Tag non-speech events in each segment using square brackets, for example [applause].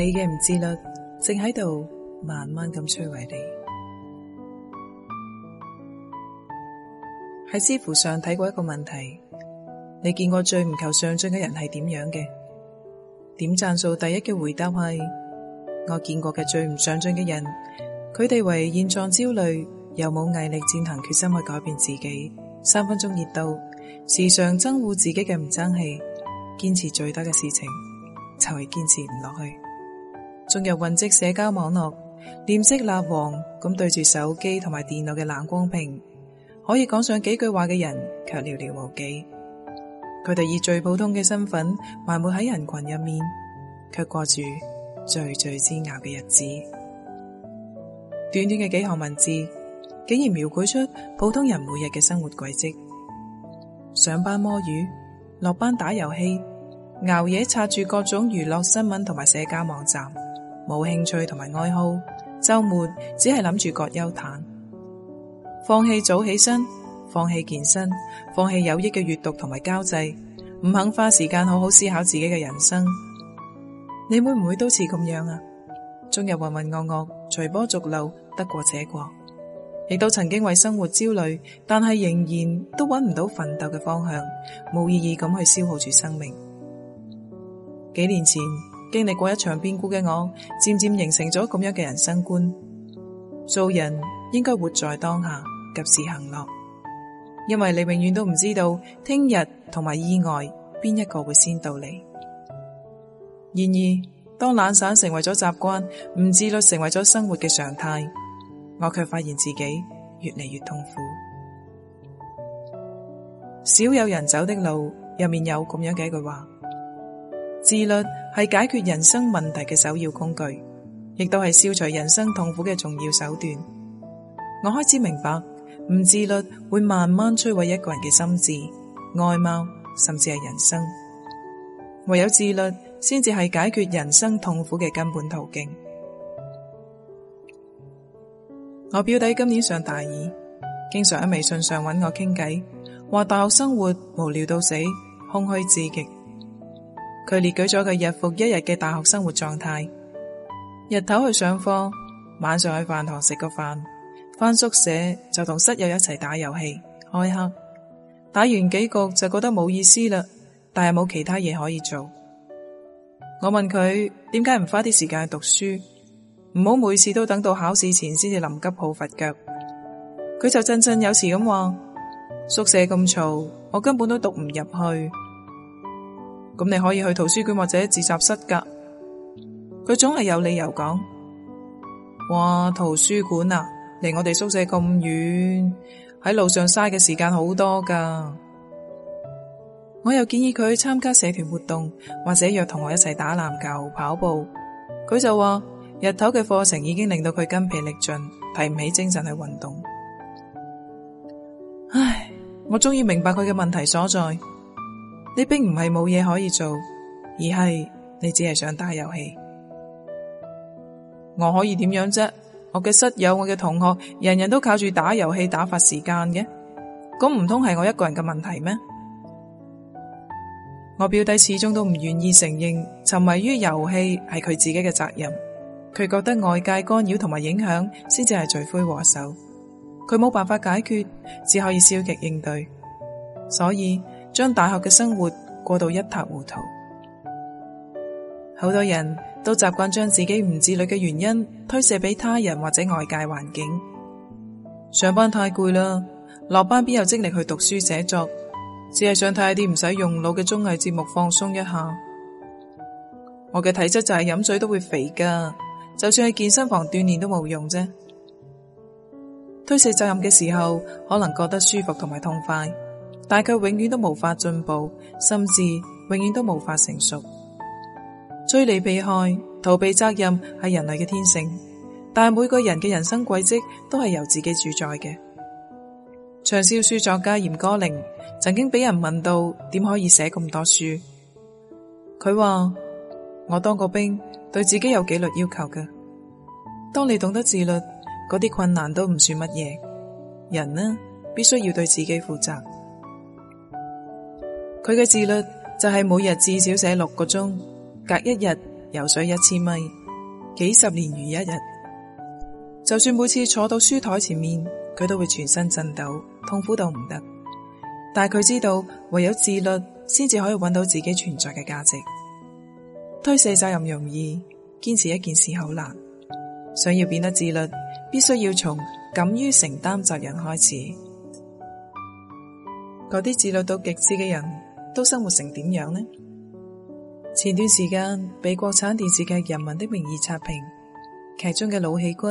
你嘅唔自律正喺度慢慢咁摧毀你。喺知乎上睇過一個問題，你見過最唔求上進嘅人係點樣嘅？點讚數第一嘅回答係我見過嘅最唔上進嘅人，佢哋為現狀焦慮，又冇毅力踐行決心去改變自己。三分鐘熱度，時常憎惡自己嘅唔爭氣，堅持最多嘅事情，就係堅持唔落去。進入混迹社交網絡、臉色蠟黃咁對住手機同埋電腦嘅冷光屏，可以講上幾句話嘅人，卻寥寥無幾。佢哋以最普通嘅身份埋沒喺人群入面，卻過住最最煎熬嘅日子。短短嘅幾行文字，竟然描繪出普通人每日嘅生活軌跡：上班摸魚，落班打遊戲，熬夜刷住各種娛樂新聞同埋社交網站。冇興趣同埋愛好，周末只係諗住葛優躺，放棄早起身，放棄健身，放棄有益嘅閱讀同埋交際，唔肯花時間好好思考自己嘅人生。你會唔會都似咁樣啊？終日渾渾噩噩，隨波逐流，得過且過，亦都曾經為生活焦慮，但係仍然都揾唔到奮鬥嘅方向，冇意義咁去消耗住生命。幾年前，經歷過一場變故嘅我，漸漸形成咗咁樣嘅人生觀：做人應該活在當下，及時行樂，因為你永遠都唔知道聽日同埋意外邊一個會先到嚟。然而，當懶散成為咗習慣，唔自律成為咗生活嘅常態，我卻發現自己越嚟越痛苦。少有人走的路，入面有咁樣嘅一句話。自律係解決人生問題嘅首要工具，亦都係消除人生痛苦嘅重要手段。我開始明白，唔自律會慢慢摧毀一個人嘅心智、外貌，甚至係人生。唯有自律，先至係解決人生痛苦嘅根本途徑。我表弟今年上大二，經常喺微信上揾我傾偈，話大學生活無聊到死，空虛至極。佢列舉咗佢日復一日嘅大學生活狀態：日頭去上課，晚上喺飯堂食個飯，翻宿舍就同室友一齊打遊戲開黑。打完幾局就覺得冇意思啦，但係冇其他嘢可以做。我問佢點解唔花啲時間去讀書，唔好每次都等到考試前先至臨急抱佛腳。佢就振振有詞咁話：宿舍咁嘈，我根本都讀唔入去。咁你可以去圖書館或者自習室噶？佢總係有理由講哇，圖書館啊，離我哋宿舍咁遠，喺路上嘥嘅時間好多噶。我又建議佢參加社團活動或者約同學一齊打籃球、跑步，佢就話日頭嘅課程已經令到佢筋疲力盡，提唔起精神去運動。唉，我終於明白佢嘅問題所在。你並唔係冇嘢可以做，而係你只係想打遊戲。我可以點樣啫？我嘅室友、我嘅同學，人人都靠住打遊戲打發時間嘅，咁唔通係我一個人嘅問題咩？我表弟始終都唔願意承認沉迷於遊戲係佢自己嘅責任，佢覺得外界干擾同埋影響先至係罪魁禍首，佢冇辦法解決，只可以消極應對，所以。將大學嘅生活過到一塌糊塗，好多人都習慣將自己唔自律嘅原因推卸俾他人或者外界環境。上班太攰啦，落班邊有精力去讀書寫作？只係想睇一啲唔使用腦嘅綜藝節目放鬆一下。我嘅體質就係飲水都會肥噶，就算去健身房鍛煉都冇用啫。推卸責任嘅時候，可能覺得舒服同埋痛快。但佢永遠都無法進步，甚至永遠都無法成熟。趨利避害、逃避責任係人類嘅天性，但係每個人嘅人生軌跡都係由自己主宰嘅。暢銷書作家嚴歌苓曾經俾人問到點可以寫咁多書，佢話我當過兵，對自己有紀律要求嘅。當你懂得自律，嗰啲困難都唔算乜嘢。人呢，必須要對自己負責。佢嘅自律就係每日至少寫六個鐘，隔一日游水一千米，幾十年如一日。就算每次坐到書台前面，佢都會全身震抖，痛苦到唔得。但佢知道，唯有自律先至可以搵到自己存在嘅價值。推卸責任容易，堅持一件事好難。想要變得自律，必須要從敢於承擔責任開始。嗰啲自律到極致嘅人，都生活成點樣呢？前段時間被國產電視劇《人民的名義》刷屏，劇中嘅老戲骨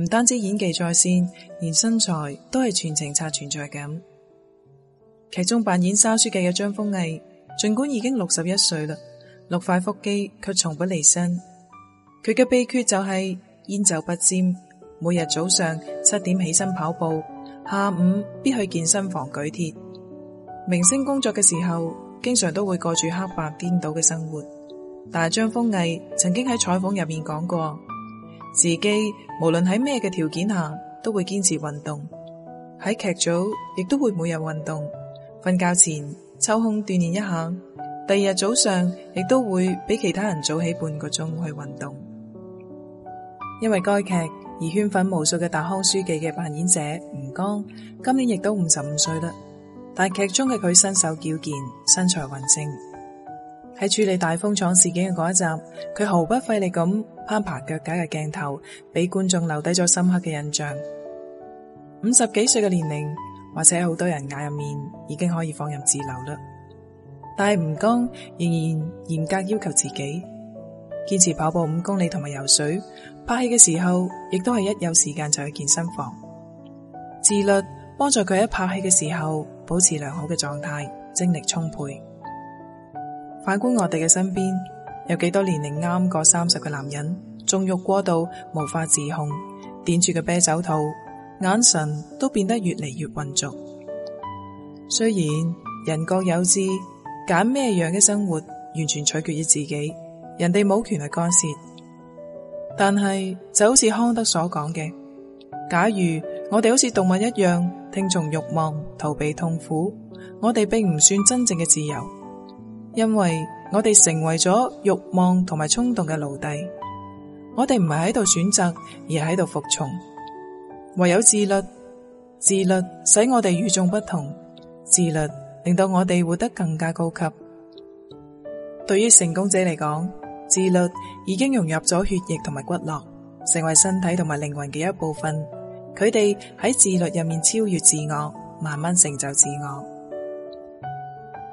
唔單止演技在綫，連身材都係全程刷存在感。其中扮演沙書記嘅張豐毅，儘管已經六十一歲啦，六塊腹肌卻從不離身。佢嘅秘訣就係煙酒不沾，每日早上七點起身跑步，下午必去健身房舉鐵。明星工作嘅時候，經常都會過住黑白顛倒嘅生活。大張豐毅曾經喺採訪入面講過，自己無論喺咩嘅條件下，都會堅持運動。喺劇組亦都會每日運動，瞓覺前抽空鍛煉一下，第二日早上亦都會比其他人早起半個鐘去運動。因為該劇而圈粉無數嘅達康書記嘅扮演者吳剛，今年亦都五十五歲啦。但劇中嘅佢身手矯健，身材勻稱。喺處理大風廠事件嘅嗰一集，佢毫不費力咁攀爬腳架嘅鏡頭，俾觀眾留低咗深刻嘅印象。五十幾歲嘅年齡，或者好多人眼入面已經可以放任自流啦。但係吳剛仍然嚴格要求自己，堅持跑步五公里同埋游水。拍戲嘅時候，亦都係一有時間就去健身房。自律。幫助佢喺拍戲嘅時候保持良好嘅狀態，精力充沛。反觀我哋嘅身邊，有幾多年齡啱過三十嘅男人，縱慾過度，無法自控，掂住嘅啤酒肚，眼神都變得越嚟越渾濁。雖然人各有志，揀咩樣嘅生活完全取決於自己，人哋冇權去干涉。但係就好似康德所講嘅，假如我哋好似動物一樣。聽從慾望，逃避痛苦，我哋並唔算真正嘅自由，因為我哋成為咗慾望同埋衝動嘅奴隸。我哋唔係喺度選擇，而係喺度服從。唯有自律，自律使我哋與眾不同，自律令到我哋活得更加高級。對於成功者嚟講，自律已經融入咗血液同埋骨骼，成為身體同埋靈魂嘅一部分。佢哋喺自律入面超越自我，慢慢成就自我，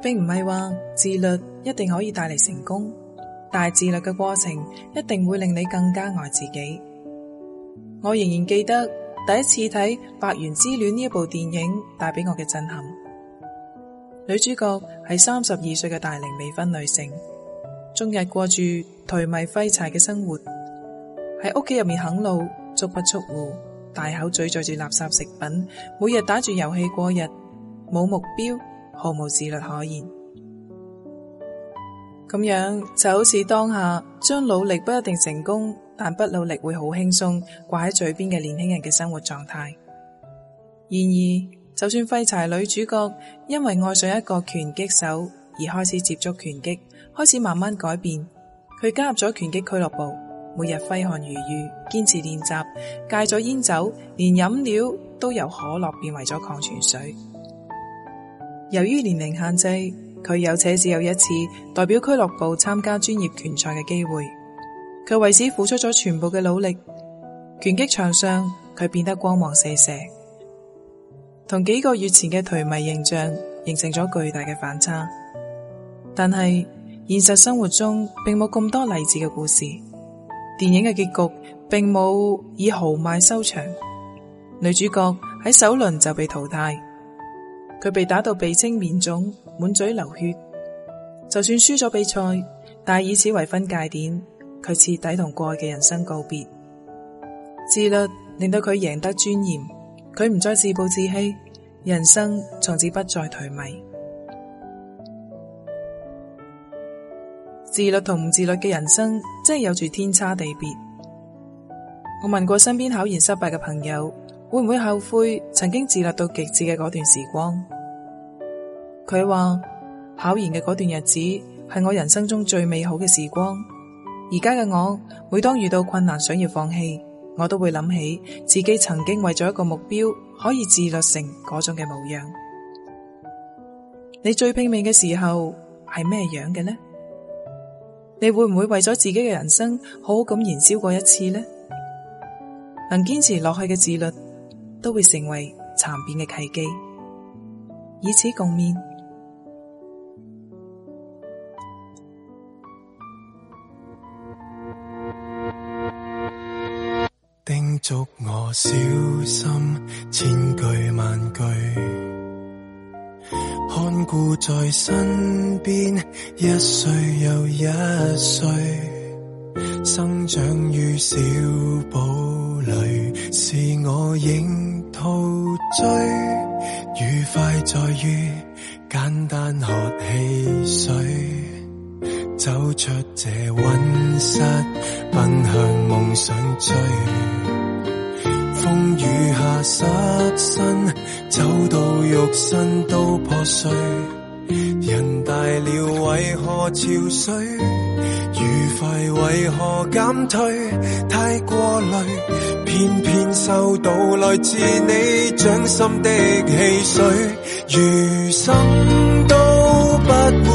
並唔係話自律一定可以帶嚟成功，但係自律嘅過程一定會令你更加愛自己。我仍然記得第一次睇《百元之戀》呢一部電影帶俾我嘅震撼。女主角係三十二歲嘅大齡未婚女性，終日過住頹靡廢柴嘅生活，喺屋企入面啃老，足不出戶。大口咀嚼住垃圾食品，每日打住遊戲過日，冇目標，毫無自律可言。咁樣就好似當下將努力不一定成功，但不努力會好輕鬆掛喺嘴邊嘅年輕人嘅生活狀態。然而，就算廢柴女主角因為愛上一個拳擊手而開始接觸拳擊，開始慢慢改變，佢加入咗拳擊俱樂部。每日揮汗如雨，堅持練習，戒咗煙酒，連飲料都由可樂變為咗礦泉水。由於年齡限制，佢有且只有一次代表俱樂部參加專業拳賽嘅機會，佢為此付出咗全部嘅努力。拳擊場上，佢變得光芒四射，同幾個月前嘅頹靡形象形成咗巨大嘅反差。但係現實生活中，並冇咁多勵志嘅故事。電影嘅結局並冇以豪邁收場，女主角喺首輪就被淘汰，佢被打到鼻青面腫，滿嘴流血。就算輸咗比賽，但以此為分界點，佢徹底同過去嘅人生告別。自律令到佢贏得尊嚴，佢唔再自暴自棄，人生從此不再頹靡。自律同唔自律嘅人生真係有住天差地別。我問過身邊考研失敗嘅朋友，會唔會後悔曾經自律到極致嘅嗰段時光？佢話考研嘅嗰段日子係我人生中最美好嘅時光。而家嘅我，每當遇到困難想要放棄，我都會諗起自己曾經為咗一個目標可以自律成嗰種嘅模樣。你最拼命嘅時候係咩樣嘅呢？你會唔會為咗自己嘅人生好好咁燃燒過一次呢？能堅持落去嘅自律，都會成為殘變嘅契機，以此共勉。叮囑 [noise] 我小心，千句萬句。看顧在身邊，一歲又一歲，生長於小堡壘，是我仍陶醉。愉快在於，簡單喝汽水，走出這溫室，奔向夢想追。風雨下失身，走到肉身都破碎。人大了，為何憔悴？愉快為何減退？太過累，偏偏收到來自你掌心的汽水。餘生都不會。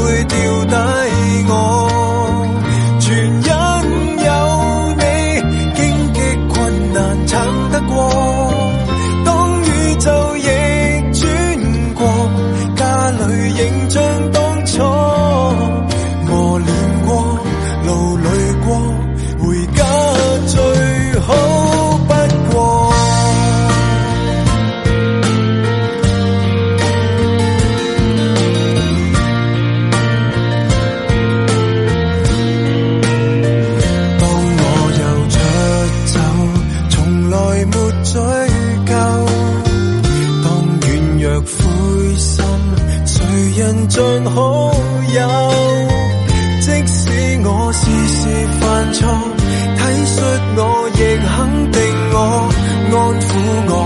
苦我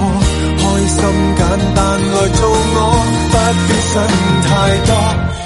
開心簡單來做我，不必想太多。 [noise]